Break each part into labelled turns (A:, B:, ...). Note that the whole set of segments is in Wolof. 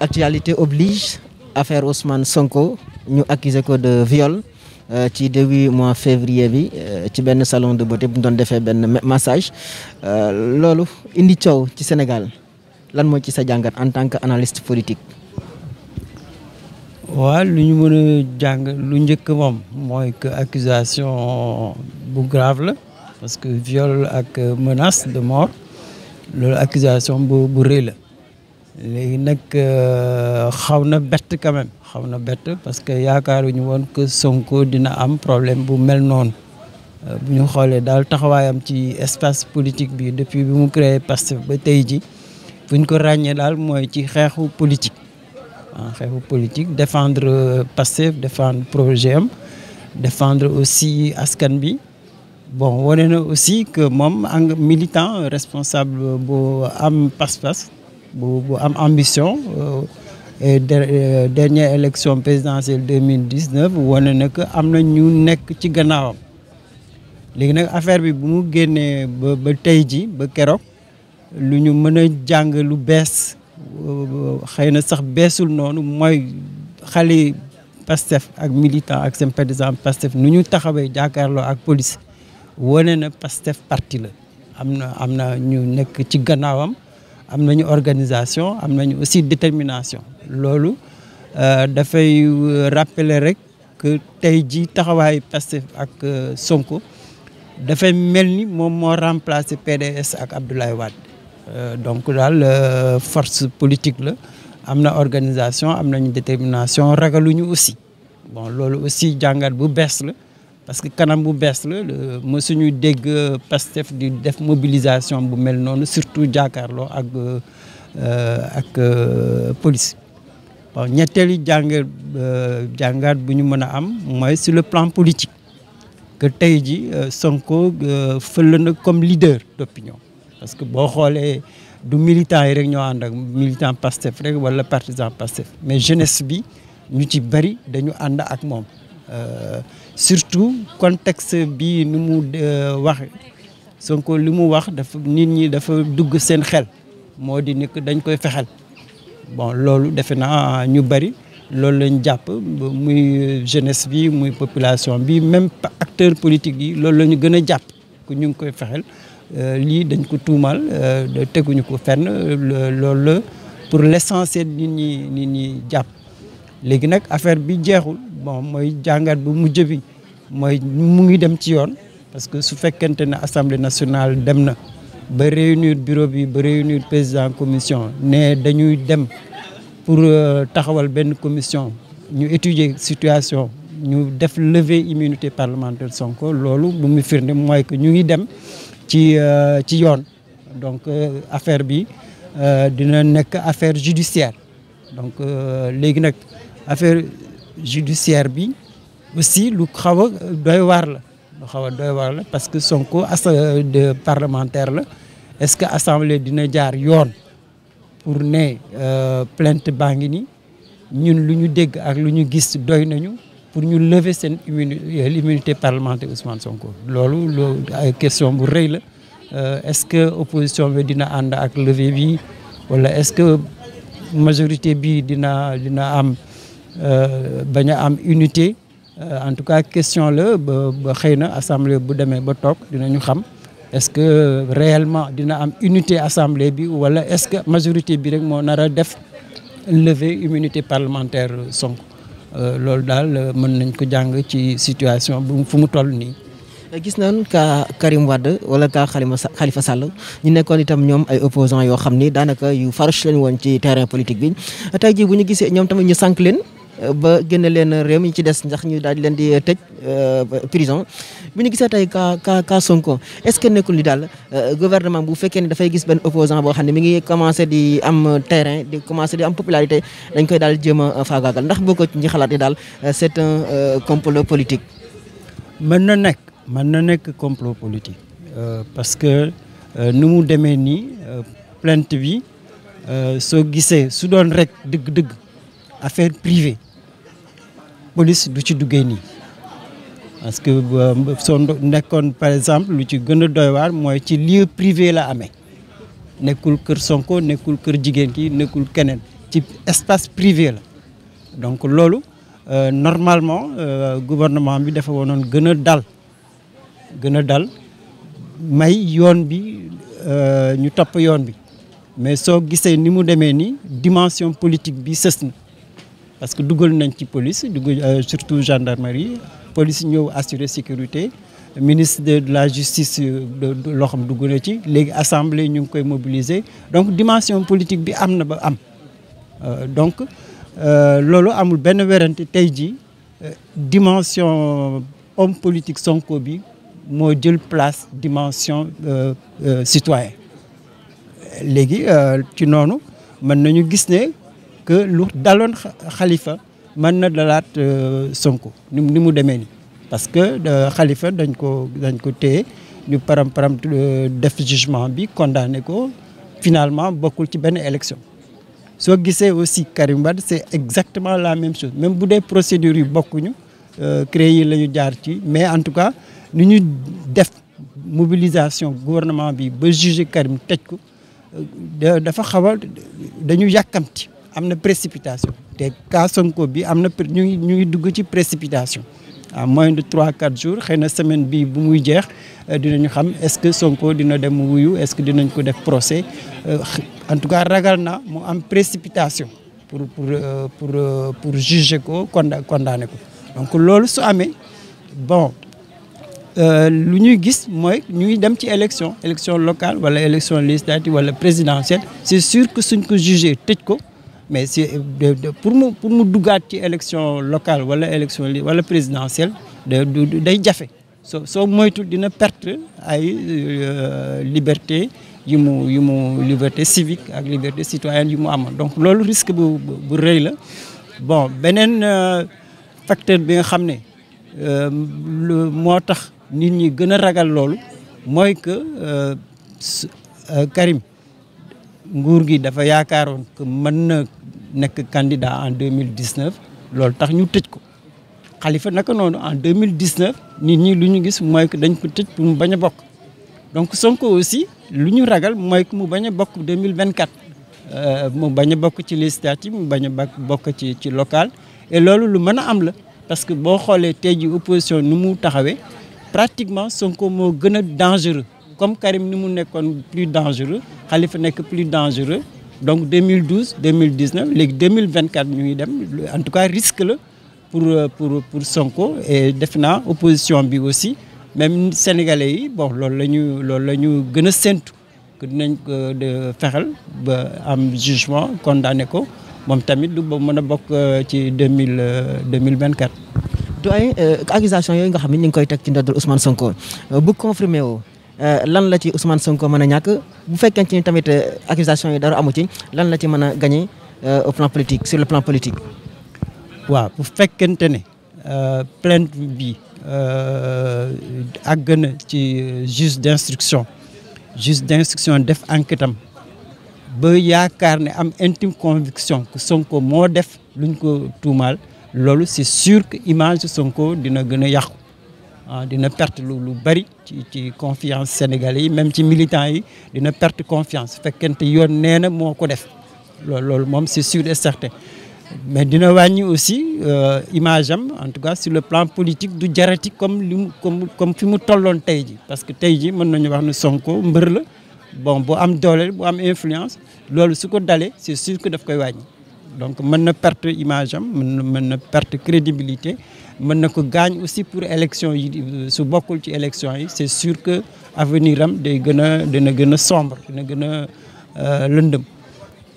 A: actualité oblige affaire Ousmane Sonko ñu accusé ko viole viol euh, ci début mois février bi euh, ci benn salon de beauté bi ñu doon defee benn massage euh, loolu indi coow ci Sénégal lan mooy ci sa jàngat en tant que analyste politique.
B: waaw lu ñu mën jàng lu njëkk moom mooy que accusation bu grave la parce que viol ak menace de mort loolu accusation bu bu rëy la léegi nag euh, xaw na bett quand xaw na bett parce que yaakaaruñu woon que Sonko dina am problème bu mel noonu euh, bu ñu xoolee daal taxawaayam ci espace politique bi depuis bi mu créé Pastef ba tey ji fu ñ ko ràññee daal mooy ci xeexu politique ah xeexu politique défendre Pastef défendre projet am défendre aussi askan bi bon wane na aussi que moom en militant responsable bu am pas-pas bu bu am ambition euh, et euh, dernière élection présidentielle 2019 wane na que am na ñu nekk ci gannaawam léegi nag affaire bi bu mu génnee ba tey ji ba keroog lu ñu mën a jàng lu bees xëy na sax beesul noonu mooy xale pastef ak militant ak seen partisan pastef nu ñu taxawee jàkkaarloo ak police wane na pastef parti la am na am na ñu nekk ci gannaawam am nañu organisation am nañu aussi détermination loolu euh, dafay rappeler rek que tey ji taxawaayu pastef ak euh, Sonko dafay mel ni moom moo remplacer PDS ak Abdoulaye Wade Euh, donc daal euh, force politique la am na organisation am nañu détermination ragaluñu aussi bon loolu aussi jàngat bu bees la parce que kanam bu bees la mësuñu dégg euh, Pastef di def mobilisation bu mel noonu surtout jàkkaarloo ak ak police bon ñetteelu jàngat jàngat bu ñu mën a am mooy sur le plan politique que tey ji Sonko fël na comme leader d'opinion parce que boo xoolee du militant yi rek ñoo ànd ak militant pastef rek wala partisan pastef mais jeunesse bi ñu ci bëri dañu ànd ak moom euh, surtout contexte bi ni mu euh, wax Sonko li mu wax dafa nit ñi dafa dugg seen xel moo di ni dañ koy fexel bon loolu defe naa ñu bëri loolu lañ jàpp muy jeunesse bi muy population bi même acteur politique yi loolu la ñu gën a jàpp ku ñu ngi koy fexel Euh, lii dañ ko tuumaal euh, teguñu ko fenn loolu la pour l'essentiel nit ñi nit ñi jàpp léegi nag affaire bi jeexul bon mooy jàngat bu mu bi mooy mu ngi dem ci yoon parce que su fekkente ne assemblée nationale dem na ba réunir bureau bi ba réunir président commission ne dañuy dem pour euh, taxawal benn commission ñu étudier situation ñu def lever immunité parlementaire Sonko loolu bu mu firnde mooy que ñu ngi dem ci euh, ci yoon donc euh, affaire bi euh, dina nekk affaire judiciaire donc léegi nag affaire judiciaire bi aussi lu xaw a doy waar la lu xaw a doy waar la parce que Sonko as de parlementaire la est-ce que assemblée dina jaar yoon pour ne plainte baa ngi ni ñun lu ñu dégg ak lu ñu gis doy nañu pour ñu lever seen immunité l'immunité parlementaire Ousmane Sonko loolu loolu question bu rëy la euh, est-ce que opposition bi dina ànd ak lever bi wala est-ce que majorité bi dina dina am euh, bañ a am unité euh, en tout cas question la ba ba xëy na assemblée bu demee ba toog dina ñu xam est-ce que réellement dina am unité assemblée bi wala est-ce que majorité bi rek moo nar a def lever immunité parlementaire Sonko Euh, loolu daal euh, mën nañ ko jàng ci situation bu fu mu toll nii.
A: gis nañ ka Karim Wade wala ka Khalifa Sall ñu nekkoon itam ñoom ay opposants yoo xam ni daanaka yu farouche lañ woon ci terrain politique bi tey jii bu ñu gisee ñoom tamit ñu sànq leen. ba génne leen réew mi ci des ndax ñu daal leen di euh, tëj euh, prison bi ñu gisee tey ka ka ka Sonko est-ce que nekkul ni daal euh, gouvernement bu fekkee ne dafay gis benn opposant boo xam ne mi ngi commencé di am terrain di commencé di am popularité dañ koy daal jéem a faagaagal ndax boo ko ci di daal c'est un complot politique. mën na nekk mën na nekk complot politique. parce que
B: nu mu demee nii plainte bi soo gisee su doon rek dëgg-dëgg affaire privée. police du ci duggee nii parce que euh, soo nekkoon par exemple lu ci gën a doy mooy ci lieu privé la amee nekkul kër Sonko nekkul kër jigéen ki nekkul keneen ci espace privé la donc loolu euh, normalement euh, gouvernement bi dafa woonoon gën a dal gën a dal may yoon bi ñu topp yoon bi mais soo gisee ni mu demee ni dimension politique bi sës na parce que dugal nañ ci police dugal euh, surtout gendarmerie police ñëw assurer sécurité ministre de la justice euh, loo xam dugg na ci léegi assemblée ñu ngi koy mobiliser donc dimension politique bi am na ba am euh, donc loolu amul benn werante tey jii dimension homme politique Sonko bi moo jël place dimension citoyen léegi ci noonu mën nañu gis ne que lu daloon xalifa man na dalaat euh, Sonko ni ni mu demee nii. parce que xalifa euh, dañ ko dañ ko téye ñu param param euh, def jugement bi condamné ko finalement bokkul ci benn élection. soo gisee aussi Karim Wade c'est exactement la même chose même bu dee procédures yi bokkuñu créé yi la ñu jaar ci mais en tout cas ni ñu def mobilisation gouvernement bi ba juger Karim tëj ko dafa xawal dañu yàkkamti am na précipitation te cas Sonko bi am na ñu ngi ñu ngi dugg ci précipitation à moins de trois quatre jours xëy na semaine bi bu muy jeex euh, dinañu xam est-ce que Sonko dina dem wuyu est-ce que dinañ ko def procès euh, en tout cas ragal na mu am précipitation pour pour euh, pour pour juger ko condamné ko donc loolu su amee bon lu ñuy gis mooy ngi dem ci élection élection locale wala élection législative wala présidentielle c'est sûr que suñ ko jugé tëj ko mais si pour mu pour mu duggaat ci élection locale wala élection li wala présidentielle day jafe soo soo moytu dina perte ay euh, liberté yi mu yu mu liberté civique ak liberté citoyenne yu mu amoon donc loolu risque bu bu rëy la bon beneen euh, facteur bi nga xam ne euh, moo tax nit ñi gën a ragal loolu mooy que Karim nguur gi dafa yaakaaroon que man na nekk candidat en deux mille dix neuf loolu tax ñu tëj ko Khalifa naka noonu en deux mille dix neuf nit ñi lu ñu gis mooy que dañ ko tëj pour mu bañ a bokk donc Sonko aussi lu ñu ragal mooy que mu bañ a bokk deux mille vingt quatre euh, mu bañ a bokk ci législative mu bañ a bokk ci ci local loolu lu mën a am la parce que boo xoolee tey ji opposition nu mu taxawee pratiquement Sonko moo gën a dangereux comme Karim ni mu nekkoon plus dangereux Khalifa nekk plus dangereux donc 2012 2019 léegi 2024 ñu ngi dem en tout cas risque la pour euh, pour pour Sonko et def naa opposition bi aussi même sénégalais yi bon loolu la ñu loolu la ñu gën a séntu dinañ ko de fexel ba am jugement condamné ko moom tamit
A: du ba mën a bokk euh, ci deux mille euh, deux mille vingt quatre. doyen accusation yooyu nga xam ne ñu ngi koy teg ci ndoddal Ousmane Sonko bu confirmé woo. Euh, lan la ci Ousmane Sonko mën a ñàkk bu fekkente ni tamit euh, accusation yi dara amu ci lan la ci mën a gagné euh, au plan politique sur le plan politique. waaw bu fekkente ne plainte bi
B: gën a ci juge d'instruction juge d'instruction def enquête am ba yaakaar ne am intime conviction que Sonko moo def lu luñ ko tuumaal loolu c'est sûr que image Sonko dina gën a yàqu. Ah, dina perte lu lu bari ci ci confiance sénégalais yi même ci militants yi dina perte confiance fekkent yoon nee na moo ko def loolu loolu moom c'est sûr et mais dina wàññi aussi euh, image am en tout cas sur le plan politique du jarati comme li mu comme comme fi mu tolloon tey ji parce que tey ji mën nañu wax ne Sonko mbër la bon bu am dooleel boo am influence loolu su ko dalee c'est sûr que daf koy wàññi donc mën na perte image am mën na mën na perte crédibilité mën na ko gaañ aussi pour élection yi su bokkul ci élection yi c'est sur que avenir am day gën a dina gën a sombre na gën a euh, lëndëm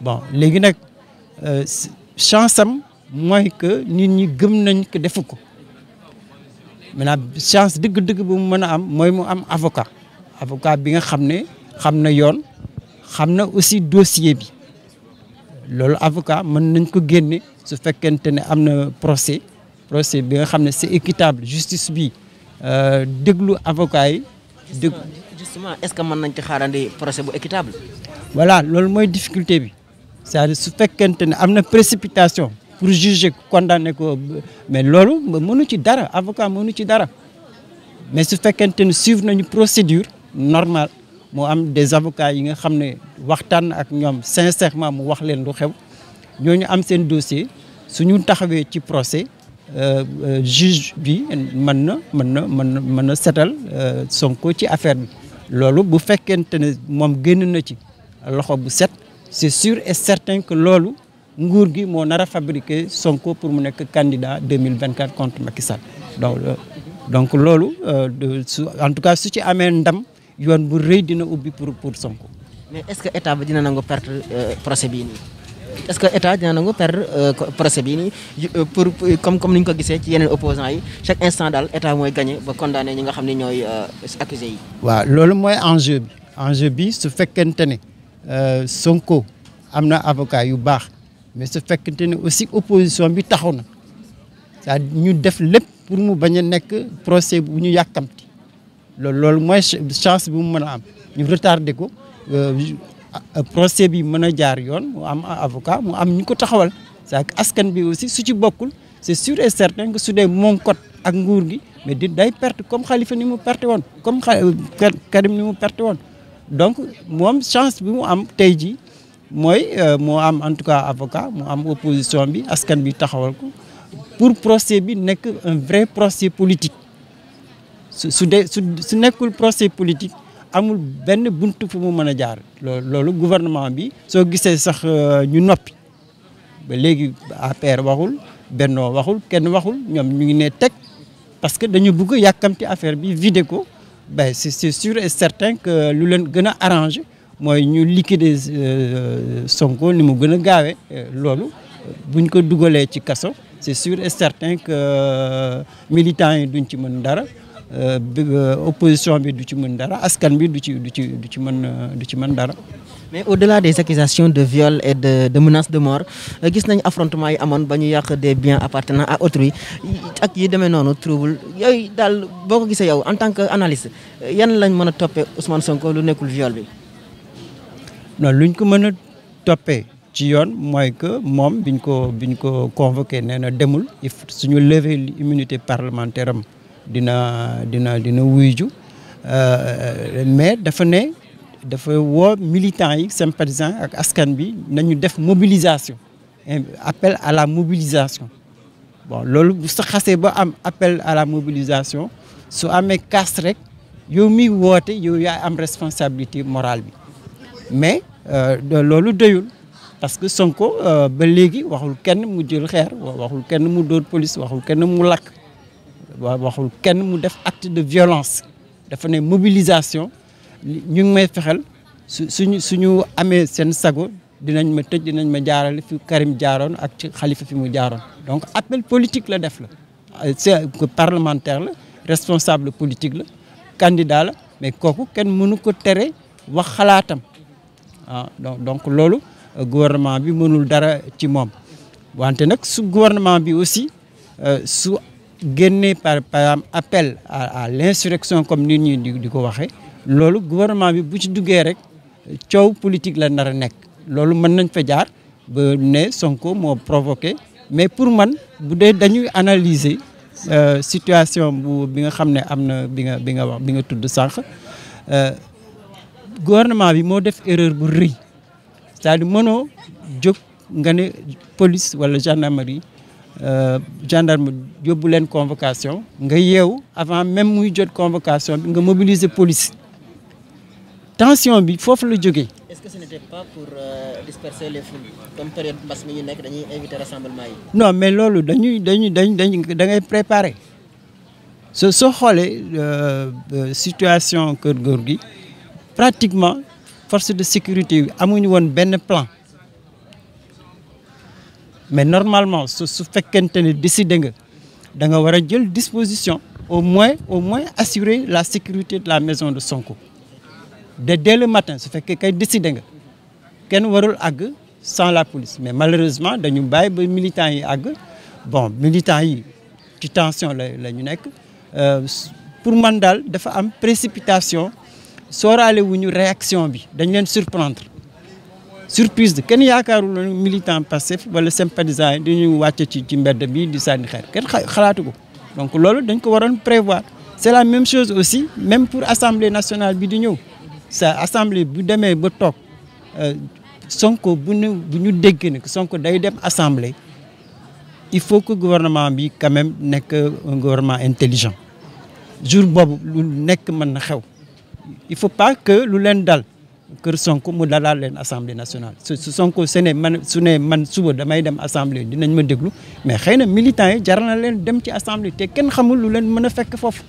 B: bon léegi nag euh, chance am mooy que nit ñi gëm nañ ko defu ko maintenant chance dëgg-dëgg bu mu mën a am mooy mu am avocat avocat bi nga xam ne xam na yoon xam na aussi dossier bi loolu avocat mën nañ ko génne su fekkente ne am na procès procès bi nga xam ne c'est équitable justice
A: bi euh,
B: déglu avoca yi. déglu
A: justement est-ce que mën nañ ci xaarandi procès bu équitable.
B: voilà loolu mooy difficulté bi c'est-à-dire su fekkente ne am na précipitation pour juger condamné ko mais loolu mënu ci dara avocat mënu ci dara mais su fekkente ne suivre nañu procédure normal mu am des avocats yi nga xam ne waxtaan ak ñoom sincèrement mu wax leen lu xew ñooñu am seen su ñu taxawee ci procès euh, euh, juge bi mën na mën na mën na mën na setal euh, Sonko ci affaire bi loolu bu fekkente ne moom génn na ci loxo bu set c'est sur et certain que loolu nguur gi moo nar a fabriquer Sonko pour mu nekk candidat 2024 contre Macky Sall donc donc loolu su en tout cas su ci amee ndam yoon bu rëy dina ubbi pour pour
A: Sonko. mais est-ce que état bi dina nangu perte euh, procès bii nii est-ce que état dina nangu perdre euh, procès bii nii euh, pour comme comme ni ñu ko gisee ci yeneen opposants yi chaque instant daal état mooy gagné ba condamné ñi nga xam ne ñooy accusé yi.
B: waaw loolu mooy enjeu bi enjeu bi su fekkente ne Sonko am na avocat yu baax mais su fekkente ne aussi opposition bi taxaw na ñu def lépp pour mu bañ a nekk procès bu ñu yàkkamti loolu loolu mooy chance bi mu mën a am ñu retardé ko euh, procès bi mën a jaar yoon moo am avoca mu am ñu ko taxawal saa askan bi aussi su ci bokkul c'est sûr et certain que su dee moom ak nguur gi mais di day perte comme kalifa ni mu perte woon comme Karim ni mu perte woon donc moom chance bi mu am tey jii mooy euh, moo am en tout cas avocat moo am opposition bi askan bi taxawal ko pour procès bi nekk un vrai procès politique su dee su su nekkul procès politique amul benn bunt fu mu mën a jaar loolu gouvernement bi soo gisee sax euh, ñu noppi ba léegi APR waxul Bennoo waxul kenn waxul ñoom ñu ngi nee teg parce que dañu bëgg yàkkamti affaire bi vide ko ben c' est sûr et certain que lu leen gën a arrangé mooy ñu liquider euh, Sonko ni mu gën a gaawee loolu buñ ko dugalee ci kaso est sûr et certain que euh, militants yi duñ ci mën dara Euh, euh, opposition bi du ci mën dara askan bi du ci du ci du ci mën euh,
A: du ci mën dara. mais au-delà des accusations de viol et de de menaces de mort gis nañ affrontement yi amoon ba ñu yàq des biens appartenant à autrui ak yi demee noonu trouble yooyu daal boo ko gisee yow en tant que analyste yan lañ mën a toppee Ousmane Sonko lu nekkul viol bi.
B: non luñ ko mën a toppee ci yoon mooy que moom biñ ko biñ ko convoqué nee na demul suñu lever l'immunité parlementaire am. dina dina dina wuyju euh, mais dafa ne dafa woo militants yi sympathisants ak askan bi nañu def mobilisation appel à la mobilisation bon loolu bu sa xasee ba am appel à la mobilisation su amee casse rek yow mi woote yow yaa am responsabilité morale bi mais euh, loolu doyul parce que Sonko euh, ba léegi waxul kenn mu jël xeer waxul kenn mu dóor police waxul kenn mu lakk waxul kenn mu def acte de violence dafa ne mobilisation ñu ngi may fexel su suñu suñu amee seen sago dinañ ma tëj dinañ ma jaarale fi Karim jaaroon ak ci Khalifa fi mu jaaroon donc appel politique la def la euh, c'est parlementaire la responsable politique la candidat la mais kooku kenn mënu ko tere wax xalaatam ah donc loolu euh, gouvernement bi mënul dara ci moom wante nag su gouvernement bi aussi euh, su génne par par appel à à l'insurrection comme nit ñi di ko waxee loolu gouvernement bi bu ci duggee rek coow politique la nar a nekk loolu mën nañ fa jaar ba ne Sonko moo provoqué mais pour man bu dee dañuy analyser euh, situation bu bi nga xam ne am na bi nga bi nga wax bi nga tudd sànq euh, gouvernement bi moo def erreur bu rëy c'est-à-dire mënoo jóg nga ne police wala gendarmerie. Euh, gendarme yóbbu leen convocation nga yeewu avant même muy jot convocation bi nga mobiliser police tension bi foofu la jóge
A: est-ce euh, les foules comme période mbas mi ñu nekk
B: mais loolu dañuy dañuy dañ dañ da ngay préparer soo soo xoolee euh, situation Kër Góor gi pratiquement force de sécurité yi amuñu woon benn plan. mais normalement su su fekkente ne décidé nga da nga war a jël disposition au moins au moins assurer la sécurité de la maison de Sonko de dès le matin su fekkee kay décidé nga kenn warul àgg sans la police mais malheureusement dañu bàyyi ba militants yi àgg bon militants yi ci tension la la ñu nekk euh, pour man daal dafa am précipitation sooraale wuñu réaction bi dañ leen surprendre surprise de kenn yaakaarul ne militant Pastef wala sympathisant yi dañuy wàcc ci ci mbedd bi di sànni xeer kenn xalaatu ko donc loolu dañ ko waroon prévoir c'est la même chose aussi même pour assemblée nationale bi di ñëw sa assemblée bu demee ba toog euh, Sonko bu ñu bu ñu dégg ne Sonko day dem assemblée il faut que gouvernement bi quand même nekk un gouvernement intelligent jour boobu lu nekk mën na xew il faut pas que lu leen dal kër Sonko mu dalal leen assemblée nationale su Sonko su ne man su man suba damay dem assemblée dinañ ma déglu mais xëy na militants yi jar na leen dem ci assemblée te kenn xamul lu leen mën a fekk foofu.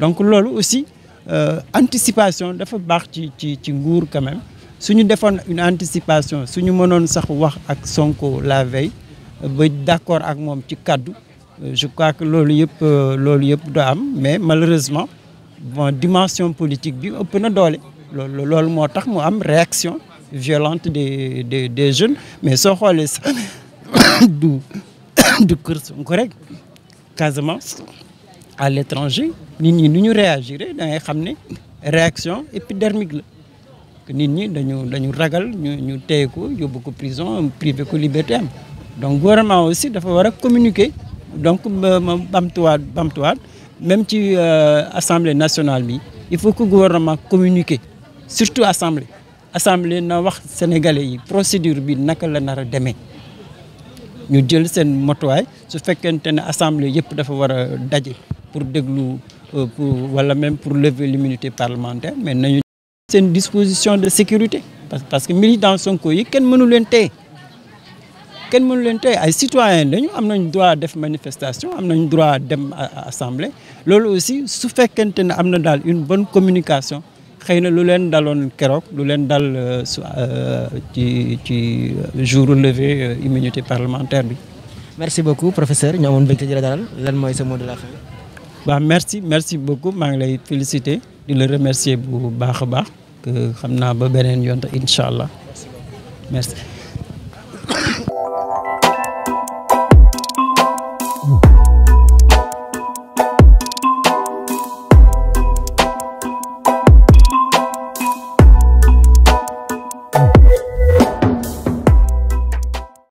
B: donc loolu aussi euh, anticipation dafa baax ci ci ci nguur quand même suñu defoon une anticipation su suñu mënoon sax wax ak Sonko la veille ba d'accord ak moom ci kaddu euh, je crois que loolu yëpp euh, loolu yëpp do am mais malheureusement bon dimension politique bi ëpp na doole. loolu loolu moo tax mu am réaction violente des des des jeunes mais soo xoolee du du kër Sonko rek Casamance à l'étranger nit ñi nu ñu réagir da ngay xam ne réaction épidermique la nit ñi dañu dañu ragal ñu ñu téye ko yóbbu ko prison privé ko liberté am donc gouvernement aussi dafa war a communiquer donc bamtuwaat bamtuwaat même ci euh, assemblée nationale bi il faut que gouvernement communique surtout assemblée assemblée na wax sénégalais yi procédure bi naka la nar a demee ñu jël seen motuwaay su fekkente ne assemblée yëpp dafa war a daje pour déglu euh, pour wala même pour lever l'immunité parlementaire mais nañu seen disposition de sécurité parce que militant Sonko yi kenn mënu leen téye kenn mënu leen téye ay citoyen lañu am nañ droit def manifestation am nañ droit dem assemblée loolu aussi su fekkente ne am na daal une bonne communication xëy na lu leen daloon keroog lu leen dal euh, euh, ci ci jour levé euh, immunité parlementaire bi. merci beaucoup
A: professeur ñu amoon mbégte
B: di la dalal leen mooy sa mot de la fin. waaw merci merci beaucoup maa ngi lay féliciter di la remercier bu baax a baax xam naa ba beneen yoon te incha allah merci.